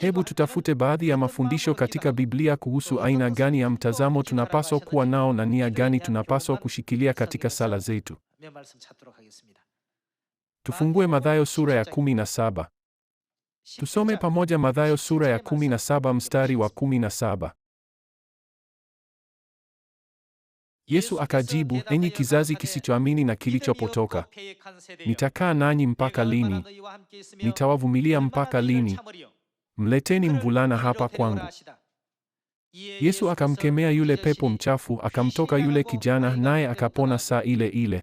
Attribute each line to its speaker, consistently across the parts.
Speaker 1: Hebu tutafute baadhi ya mafundisho katika Biblia kuhusu aina gani ya mtazamo tunapaswa kuwa nao na nia gani tunapaswa kushikilia katika sala zetu. Tufungue Mathayo sura ya 17. Tusome pamoja Mathayo sura ya 17 mstari wa 17. Yesu akajibu, enyi kizazi kisichoamini na kilichopotoka, nitakaa nanyi mpaka lini? Nitawavumilia mpaka lini? mleteni mvulana hapa kwangu. Yesu akamkemea yule pepo mchafu, akamtoka yule kijana, naye akapona saa ile ile.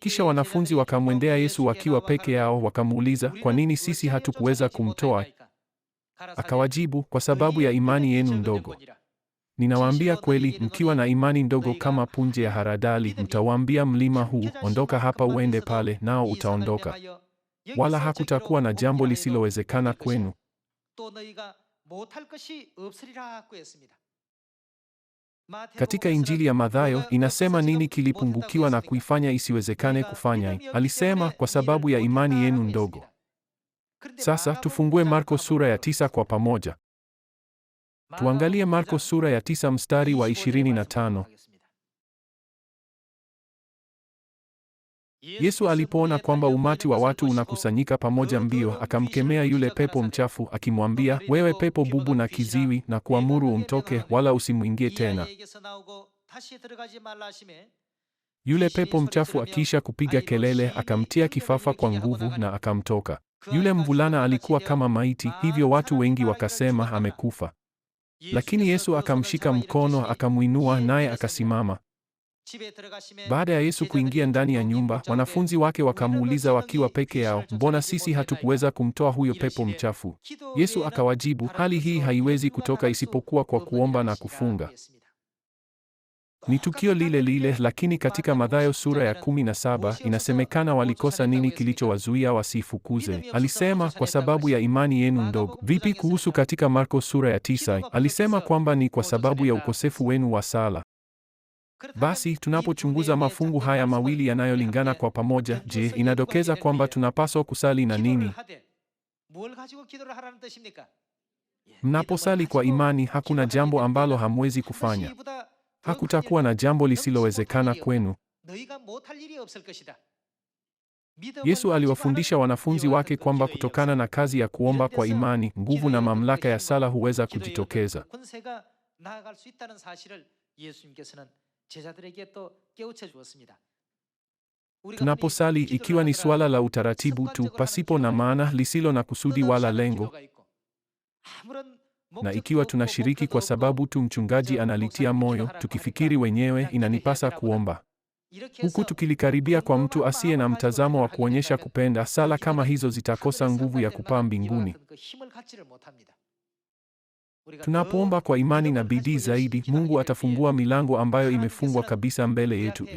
Speaker 1: Kisha wanafunzi wakamwendea Yesu wakiwa peke yao, wakamuuliza, kwa nini sisi hatukuweza kumtoa? Akawajibu, kwa sababu ya imani yenu ndogo. Ninawaambia kweli, mkiwa na imani ndogo kama punje ya haradali, mtawaambia mlima huu, ondoka hapa uende pale, nao utaondoka. Wala hakutakuwa na jambo lisilowezekana kwenu. Katika Injili ya Mathayo inasema nini kilipungukiwa na kuifanya isiwezekane kufanya? Alisema kwa sababu ya imani yenu ndogo. Sasa tufungue Marko sura ya tisa kwa pamoja. Tuangalie Marko sura ya tisa mstari wa 25. Yesu alipoona kwamba umati wa watu unakusanyika pamoja mbio, akamkemea yule pepo mchafu akimwambia, wewe pepo bubu na kiziwi, na kuamuru umtoke, wala usimwingie tena. Yule pepo mchafu akiisha kupiga kelele, akamtia kifafa kwa nguvu na akamtoka. Yule mvulana alikuwa kama maiti, hivyo watu wengi wakasema amekufa. Lakini Yesu akamshika mkono, akamwinua naye akasimama. Baada ya Yesu kuingia ndani ya nyumba, wanafunzi wake wakamuuliza wakiwa peke yao, mbona sisi hatukuweza kumtoa huyo pepo mchafu? Yesu akawajibu, hali hii haiwezi kutoka isipokuwa kwa kuomba na kufunga. Ni tukio lile lile, lakini katika Mathayo sura ya 17 inasemekana walikosa nini kilichowazuia wasifukuze? Alisema kwa sababu ya imani yenu ndogo. Vipi kuhusu katika Marko sura ya 9 Alisema kwamba ni kwa sababu ya ukosefu wenu wa sala. Basi tunapochunguza mafungu haya mawili yanayolingana kwa pamoja, je, inadokeza kwamba tunapaswa kusali na nini? Mnaposali kwa imani, hakuna jambo ambalo hamwezi kufanya. Hakutakuwa na jambo lisilowezekana kwenu. Yesu aliwafundisha wanafunzi wake kwamba kutokana na kazi ya kuomba kwa imani, nguvu na mamlaka ya sala huweza kujitokeza. Tunaposali ikiwa ni suala la utaratibu tu, pasipo na maana, lisilo na kusudi wala lengo, na ikiwa tunashiriki kwa sababu tu mchungaji analitia moyo, tukifikiri wenyewe inanipasa kuomba, huku tukilikaribia kwa mtu asiye na mtazamo wa kuonyesha kupenda, sala kama hizo zitakosa nguvu ya kupaa mbinguni. Tunapoomba kwa imani na bidii zaidi, Mungu atafungua milango ambayo imefungwa kabisa mbele yetu.